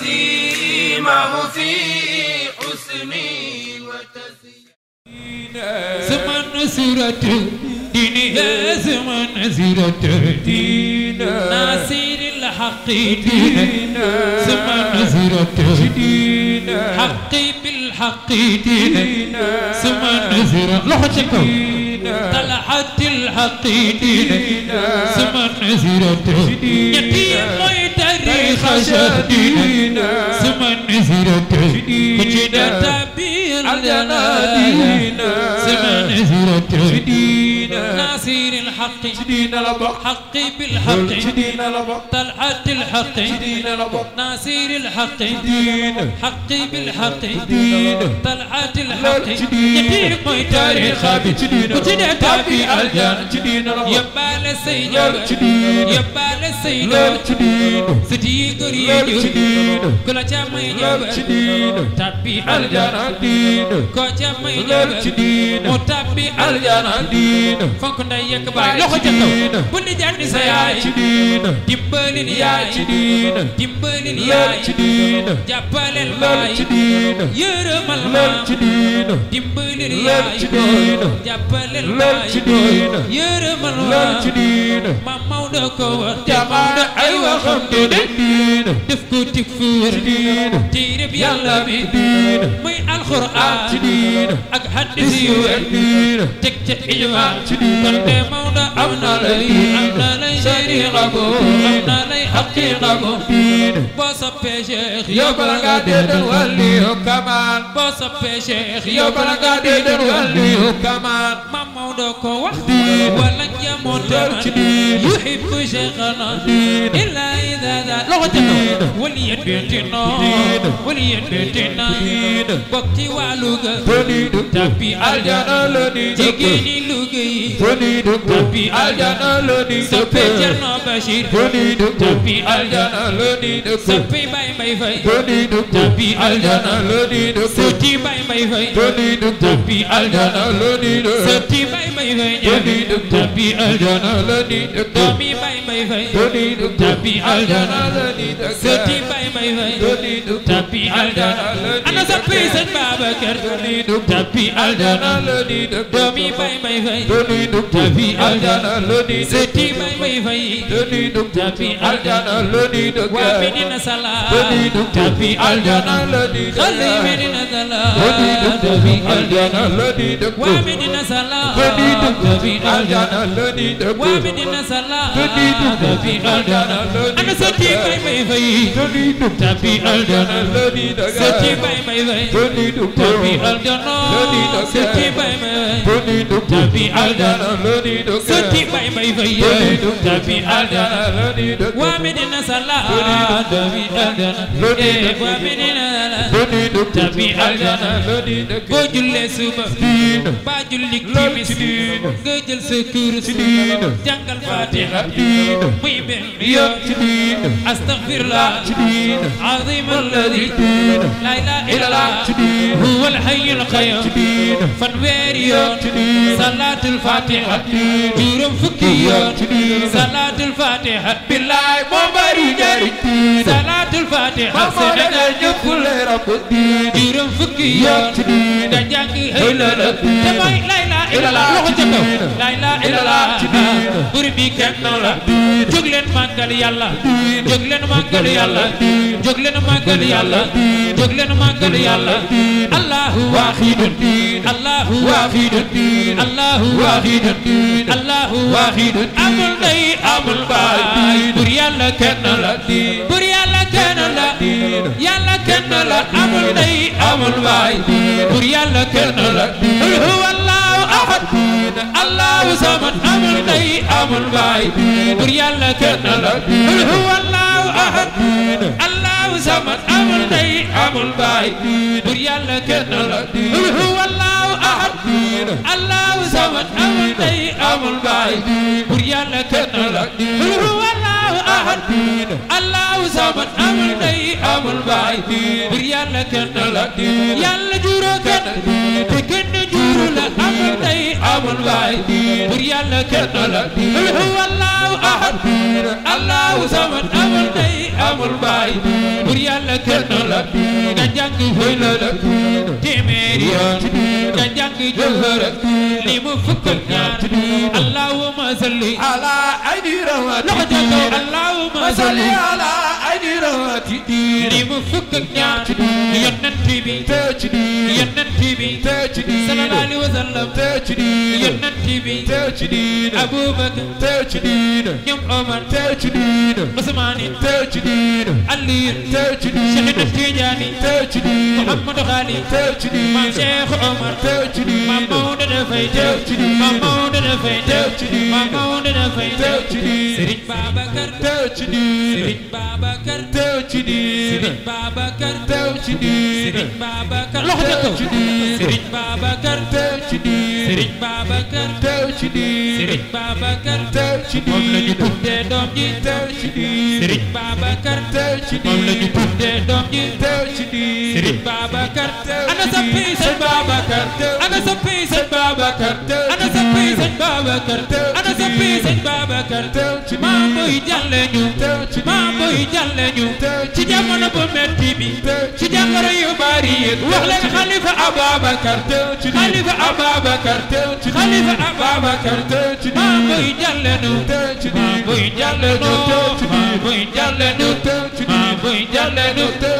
وسيمه في حسني وتزيين زمن سيرة دينها زمن سيرة دين ناصر الحق دين زمن سيرة دين حقي بالحق دين زمن سيرة لوحتكم طلعت الحق دين زمن سيرة يتيم خشدينا سمن زيرته كجدا تبيل لنا سمن زيرته ناصير الحق جدينا لبق حقي بالحق جدينا لبق طلعة الحق جدينا لبق ناصير الحق جدينا حقي بالحق جدينا طلعة الحق جدينا تاريخ ابي جدينا وجدنا تابي الجان جدينا يا بال السيد جدينا يا بال السيد جدينا سيدي ريد جدينا كل جامعي جدينا تابي الجان جدينا كل جامعي جدينا متابي الجان جدينا diina fonk nday yekk baay loxo ca kaw bu ni jànni sa yaay ci diina dimbalil yaay ci diina dimbalil yaay ci diina jàppaleel baay ci diina yërëmal maam ci diina dimbalil yaay ci diina jàppaleel baay ci diina yërëmal maam ci diina maam Maodo ko war jamaana ay waxam du diina def ko tikfuur ci diina téereb yàlla bi diina muy alxuraan ci diina ak hadis yu wér diina teg ca ijmaa ci diina kon de Maodo am na lay am na lay sariixa ko am na lay xaqiiqa ko diina boo soppee Cheikh yow bala ngaa dee den wàlli yu kamaan boo soppee Cheikh yow bala ngaa dee den wàlli yu kamaan maam Maodo ko wax diina متمنى يحب شيخنا إلا إذا ذا لغتنا وليت بيتنا وليت بيتنا وقتي وعلوغا تبي الجنة لني تجيني لغي تبي الجنة لني سبي جنة بشير تبي الجنة لني سبي باي باي باي تبي الجنة لني سبي باي باي باي تبي الجنة لني سبي باي باي باي تبي I'll let you the doomi bay bay fay tabbi aljana sëti bay bay fay tabbi aljana ana sappi sëñ Babacar tabbi aljana doomi bay bay fay tabbi aljana sëti bay bay fay tabbi aljana waa Medina Salah tabbi aljana xale Medina Salah tabbi aljana waa Medina Salah tabbi aljana waa Medina Salah تني دم في ألدنا أنا ستي باي باي باي تني دم تبي ألدنا ستي باي باي باي تني دم تبي ألدنا ستي باي باي تني دم تبي ألدنا ستي باي باي باي تني دم تبي ألدنا وامدنا سلا تبي ألدنا وامدنا تني دم تبي ألدنا بجل سوما بجل كيمسين بجل سكور سوما جنگل فاتح شديد ميم يديد استغفر الله شديد عظيم الذي لا اله الا الله شديد هو الحي القيوم شديد فنوير شديد صلاة الفاتحة جورم فكية صلاة الفاتحة بالله مباري جاري صلاة الفاتحة سنة جفل رب الدين جورم فكية تجاكي هيلا لك تبعي لا اله illallah waxu ca kaw la ilaha illallah bur bi kenn la jóg leen màggal yàlla jóg leen màggal yàlla jóg leen màggal yàlla jóg leen màggal yàlla allahu wahidun allahu wahidun allahu wahidun allahu wahidun amul day amul baay bur yàlla kenn la bur yàlla kenn la yàlla kenn la amul day amul baay bur yàlla kenn la الله صمد أمر داي أمر باي بور يالا كن قل هو الله أحد الله صمد أمر داي أمر باي بور يالا كن قل هو الله أحد الله صمد أمر داي أمر باي بور يالا كن قل هو الله أحد الله صمد أمر داي maamul baay ngir yàlla kenn la yàlla juróo kenn te kenn juuru la amul tey amul baay ngir yàlla kenn la huwa allahu ahad allahu samad amul tey amul baay ngir yàlla kenn la nga jàng fële la téeméeri yoon nga jàng jëfëra li mu fukkal ñaar allahumma salli ala aydi rawat loxo jàng allahumma salli ala aydi rawat Tajidin ni Serigne Babacar teew ci diine Serigne Babacar teew ci diine Serigne Babacar teew ci diine Serigne Babacar teew ci diine Serigne Babacar teew ci diine moom la ñu tuddee doom ji teew ci diine Serigne Babacar teew ci diine moom la ñu tuddee doom ji teew ci diine Serigne Babacar teew ci diine ana sa pay Serigne Babacar ana sa pay Serigne Babacar Babacar ana soppi sëñ Babacar maam buy jàlle ñu maam buy jàlle ñu ci jamono bu metti bi ci jàngoro yu bari yi wax leen xalifa Ababacar xalifa Ababacar xalifa Ababacar maam buy jàlle ñu maam buy jàlle ñu maam buy jàlle ñu maam buy jàlle ñu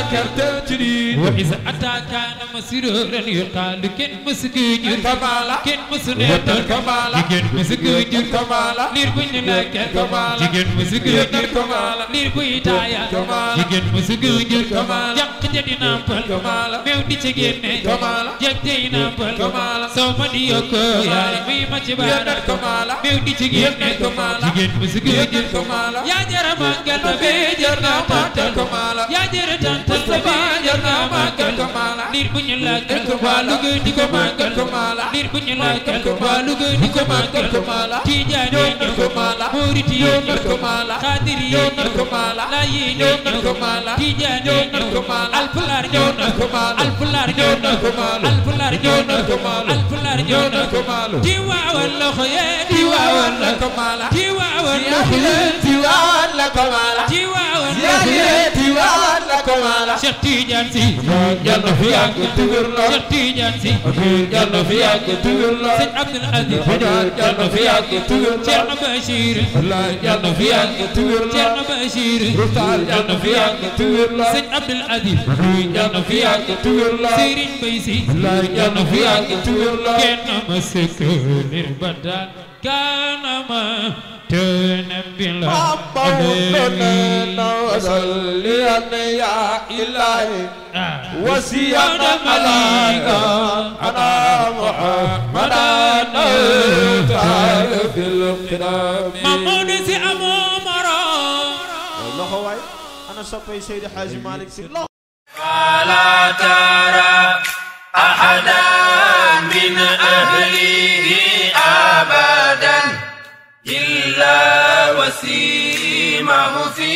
ذاكر تجري وإذا أتى كان مسرورا يقال كن مسكين كمالا كن مسنين كمالا كن مسكين كمالا نيربين ناكر كمالا كن مسكين كمالا نيربين تايا كمالا كن مسكين كمالا جاك جدي نامبل كمالا ميو دي تجين كمالا جاك جدي نامبل كمالا سوما ديوكو يا مي ما تبارا كمالا ميو دي تجين كمالا كن مسكين كمالا يا جرمان قلبي جرنا ماتل كمالا يا جرتان Mustafa jar naa màggal liir bu ñu laajal waa Louga di ko màggal liir bu ñu laajal waa Louga di ko màggal Tijaan ñoo ñëw Murit ñoo ñëw Xaadir ñoo ñëw Laay ñoo ñëw Tijaan ñoo ñëw Alpulaar ñoo ñëw Alpulaar ñoo ñëw Alpulaar ñoo ñëw Alpulaar ñoo ñëw Tiwaawan loxo yee Tiwaawan la ko maala Tiwaawan loxo yee Tiwaawan la ko maala Cheikh Tidiane Sy yal na fi yàgg tuur la Cheikh Tidiane Sy yal na fi yàgg tuur la Sëñ Abdul Aziz yal na fi yàgg tuur Cheikh Abachir yal na fi yàgg tuur Cheikh Abachir yal na fi yàgg tuur la Sëñ Abdul Aziz yal na fi yàgg tuur la Serigne Mbaye Sy yal na fi yàgg tuur la kenn ma sëkk li ba daan kaanama تنبي ربنا وصليا يا إلهي وسيا ملايكا على محمد تعالى في القدام محمود سي أبو مرا الله هو أنا صبي سيد حاج مالك سي الله فلا ترى أحدا وسيمه في